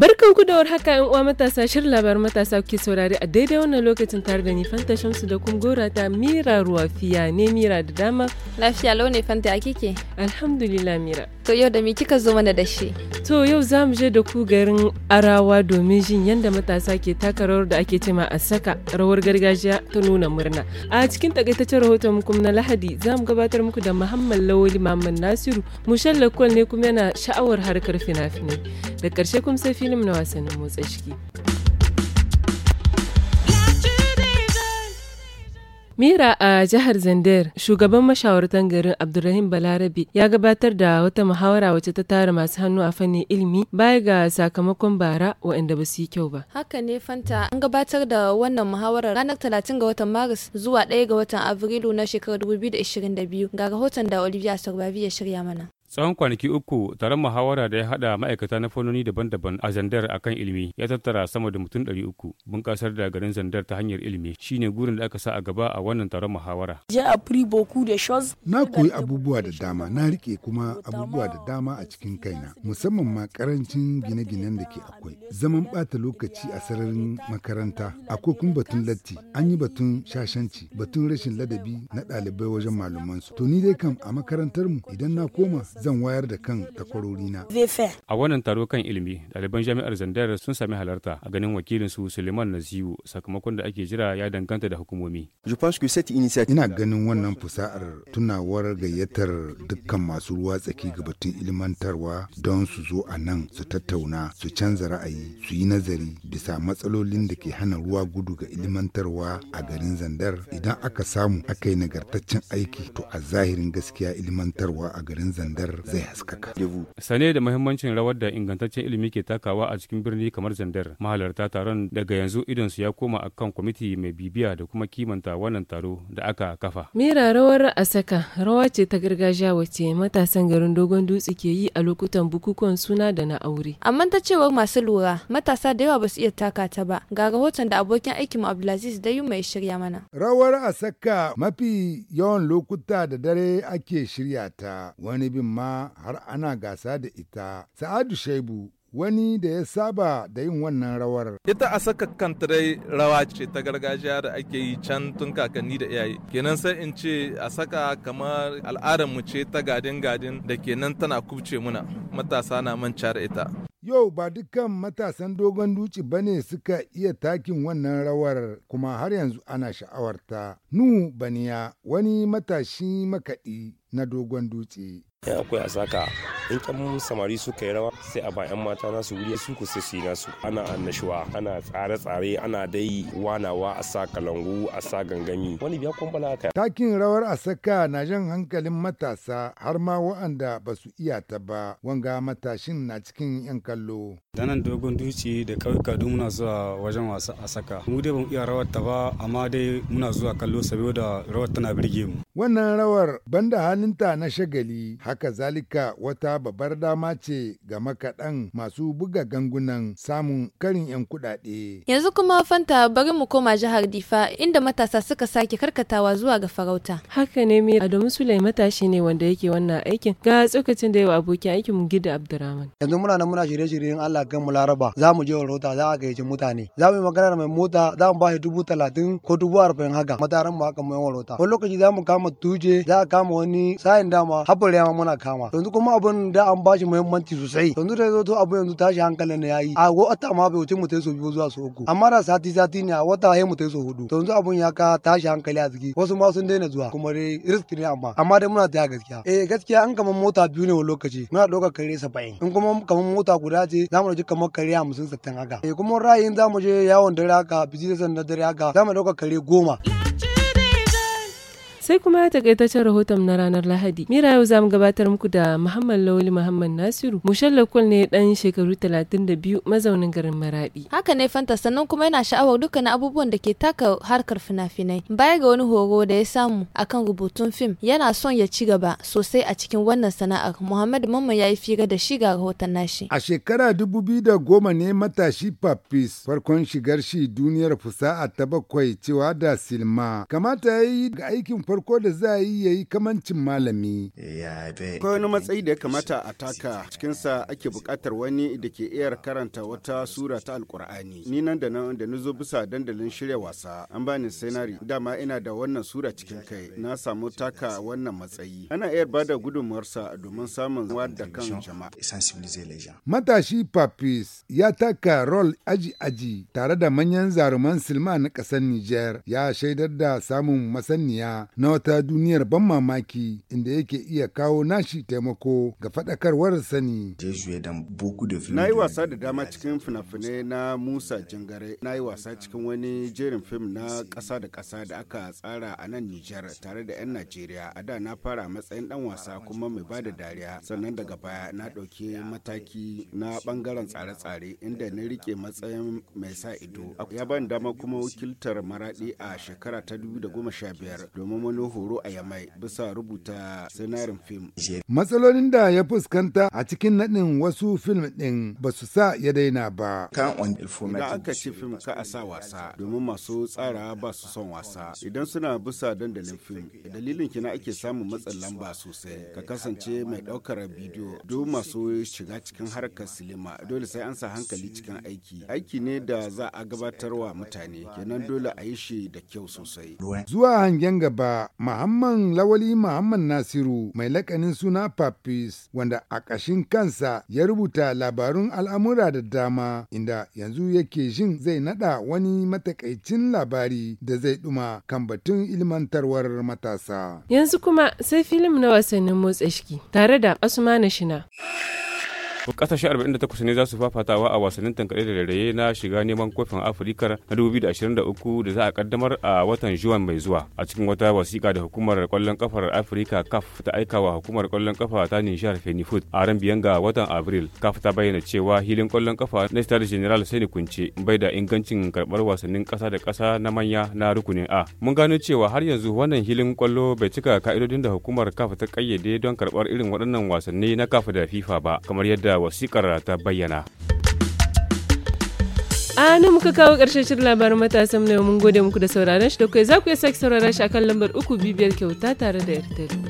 Barkan haka yan uwa matasa shirin labar matasa ke saurari a daidai wannan lokacin tare da ni Fanta Shamsu da kun gora ta Mira Ruwafiya ne Mira da dama. Lafiya lau ne Fanta kike? Alhamdulillah Mira. To yau da me kika zo mana da shi? To yau za mu je da ku garin Arawa domin jin yadda matasa ke taka rawar da ake cema a saka rawar gargajiya ta nuna murna. A cikin takaitaccen rahoton mu kuma na Lahadi za mu gabatar muku da Muhammad Lawali Muhammad Nasiru Mushan Lakwal ne kuma yana sha'awar harkar fina-finai. Da karshe kuma sai filim na wasannin motsa ciki. Mira a jihar Zandar, shugaban mashawartan garin Abdulrahim balarabi ya gabatar da wata muhawara wacce ta tara masu hannu a fannin ilimi baya ga sakamakon bara waɗanda ba su yi kyau ba. Haka ne Fanta an gabatar da wannan muhawarar ranar 30 ga watan Maris zuwa 1 ga watan Afrilu na shekarar 2022 ga rahoton da Olivia Sarbavi ya shirya mana. tsawon kwanaki uku taron muhawara da ya hada ma'aikata na fannoni daban-daban a zandar akan ilimi ya tattara sama da mutum ɗari uku bunƙasar da garin zandar ta hanyar ilimi shine gurin da aka sa a gaba a wannan taron muhawara na koyi abubuwa da dama na rike kuma abubuwa da dama a cikin kaina musamman ma karancin gine-ginen da ke akwai zaman bata lokaci a sararin makaranta akwai kuma batun latti an yi batun shashanci batun rashin ladabi na ɗalibai wajen malumansu to ni dai kam a makarantar mu idan na koma zan wayar da kan na. A wannan taro kan ilimi, ɗaliban jami'ar Zandar sun sami halarta a ganin wakilin su Suleiman Naziu sakamakon da ake jira ya danganta da hukumomi. Ina ganin wannan fusa'ar tunawar gayyatar dukkan masu ruwa tsaki ga batun ilmantarwa don su zo a nan su tattauna, su canza ra'ayi, su yi nazari bisa matsalolin da ke hana ruwa gudu ga ilmantarwa a garin Zandar. Idan aka samu aka yi nagartaccen aiki to a zahirin gaskiya ilmantarwa a garin Zandar zai Sane da mahimmancin rawar da ingantaccen ilimi ke takawa a cikin birni kamar zandar mahalarta taron daga yanzu idon su ya koma a kan kwamiti mai bibiya da kuma kimanta wannan taro da aka kafa. mira rawar saka, rawa ce ta gargajiya wace, matasan garin Dogon Dutse ke yi a lokutan bukukuwan suna da na aure. Amma ta cewar masu lura matasa da yawa ba su iya taka ta ba ga rahoton da abokin aikin Abdulaziz da mai shirya mana. Rawar a saka mafi yawan lokuta da dare ake shirya ta wani bin amma har ana gasa da ita. Sa'adu Shaibu wani da ya saba da yin wannan rawar. Ita a saka kantarai rawa ce ta gargajiya da ake yi can tun kakanni da iyaye. Kenan sai in ce a saka kamar al'adar mu ce ta gadin gadin da kenan tana kubce muna matasa na manca da ita. Yau ba dukkan matasan dogon duci ba ne suka iya takin wannan rawar kuma har yanzu ana sha'awarta. Nu Baniya wani matashi makaɗi na dogon dutse ya koya saka in mun samari suka yi rawa sai a bayan mata nasu wuri su ku sai su yi nasu ana annashuwa ana tsare-tsare ana dai wanawa a sa kalangu a sa gangami wani biya kwambala ka takin rawar a saka na jan hankalin matasa har ma wa'anda ba su iya ta ba wanga matashin na cikin 'yan kallo. danan dogon duci da ƙauyuka duk muna zuwa wajen wasa a saka mu dai ba mu iya rawar ta ba amma dai muna zuwa kallo saboda rawar tana birge mu. wannan rawar banda halinta na shagali haka zalika wata babbar dama ce ga makaɗan masu buga gangunan samun karin 'yan kuɗaɗe. Yanzu kuma Fanta bari mu koma jihar Difa inda matasa suka sake karkatawa zuwa ga farauta. Haka ne mira Adamu Sulai matashi ne wanda yake wannan aikin ga tsokacin da yawa abokin aikin mu Gida Abdurrahman. Yanzu muna nan muna shirye-shiryen Allah kan mu Laraba za mu je rota za a gayyaci mutane za mu yi magana da mai mota za mu ba shi dubu talatin ko dubu arba'in haka mataran mu haka mu yan rota. Wani lokaci za mu kama tuje za a kama wani sa'in dama haɓar yama muna kama. Yanzu kuma abin da an bashi muhimmanci sosai yanzu da zo to abu yanzu tashi hankalin ne yayi a wata ma bai wuce mutai so biyu zuwa so uku amma da sati sati ne a wata mu mutai so hudu to yanzu abun ya ka tashi hankali a ziki wasu ma sun daina zuwa kuma dai risk ne amma amma dai muna taya gaskiya eh gaskiya an kaman mota biyu ne wani lokaci muna ɗaukar kare saba'in in kuma kaman mota guda ce zamu je kamar kare hamsin sattan haka eh kuma ra'ayin zamu je yawon dare haka bizi da na dare haka zamu ɗaukar kare goma. Sai kuma ya takaitaccen rahoton na ranar Lahadi. Mira yau za mu gabatar muku da Muhammad Lawali Muhammad Nasiru. Mushalla Kul ne dan shekaru biyu mazaunin garin Maradi. Haka ne Fanta sannan kuma yana sha'awar dukkanin abubuwan da ke taka harkar fina-finai. Baya ga wani horo da ya samu akan rubutun fim yana son ya ci gaba sosai a cikin wannan sana'ar. Muhammad Mamman ya yi fira da shi ga rahoton nashi. A shekara da goma ne matashi Papis farkon shigar shi duniyar fusa'a ta bakwai cewa da Silma. Kamata ya yi ga aikin farko farko da za a yi ya yi kamancin malami. Akwai wani matsayi da ya kamata a taka cikinsa ake buƙatar wani da ke iya karanta wata sura ta alkur'ani. Ni nan da nan da zo bisa dandalin shirya wasa an bani senari dama ina da wannan sura cikin kai na samu taka wannan matsayi. Ana iya ba da gudunmuwarsa domin samun da kan jama'a. Matashi Papis ya taka rol aji-aji tare da manyan zaruman silma na ƙasar Nijar ya shaidar da samun masaniya na na wata duniyar ban mamaki inda yake iya kawo nashi taimako ga faɗakarwar sani. Na yi wasa da dama cikin fina-finai na Musa Jangare, na yi wasa cikin wani jerin fim na ƙasa da ƙasa da aka tsara a nan Nijar tare da 'yan Najeriya. A da na fara matsayin ɗan wasa kuma mai ba da dariya, sannan daga baya na ɗauki mataki na ɓangaren tsare-tsare inda na rike matsayin mai sa ido. Ya bani dama kuma wakiltar maraɗi a shekara ta da goma 2015 domin wani horo a Yamai bisa rubuta sanarin fim. Matsalolin da ya fuskanta a cikin naɗin wasu fim ɗin ba su sa ya daina ba. Idan aka ce fim ka a sa wasa domin masu tsara ba su son wasa idan suna bisa dandalin fim dalilin kina ake samun matsin lamba sosai ka kasance mai ɗaukar bidiyo don masu shiga cikin harkar silima dole sai an sa hankali cikin aiki aiki ne da za a gabatarwa mutane kenan dole a yi shi da kyau sosai. Zuwa hangen gaba Muhammad Lawali Muhammad Nasiru mai lakanin suna Papis wanda a ƙashin kansa ya rubuta labarun al'amura da dama inda yanzu yake jin zai nada wani matakaicin labari da zai ɗuma kan batun ilmantarwar matasa. Yanzu kuma sai filim na wasannin motsa shiki tare da Asuma Shina. kasashe 48 ne za su fafatawa a wasannin tankaɗe da rairaye na shiga neman kofin afirka na 2023 da za a kaddamar a watan juwan mai zuwa a cikin wata wasiƙa da hukumar kwallon kafar afirka kaf ta aika wa hukumar kwallon kafa ta nishar fenifut a ran biyan ga watan abril kaf ta bayyana cewa hilin kwallon kafa na star general sani kunce bai da ingancin karɓar wasannin ƙasa da ƙasa na manya na rukunin a mun gano cewa har yanzu wannan hilin kwallo bai cika ka'idodin da hukumar kaf ta kayyade don karɓar irin waɗannan wasanni na kaf da fifa ba kamar yadda da wasikar ta bayyana. a nan muka kawo ƙarshen shirin labarin matasan na mun gode muku da sauraron shi da kai za ku iya sake sauraron shi akan lambar uku bibiyar kyauta tare da yarda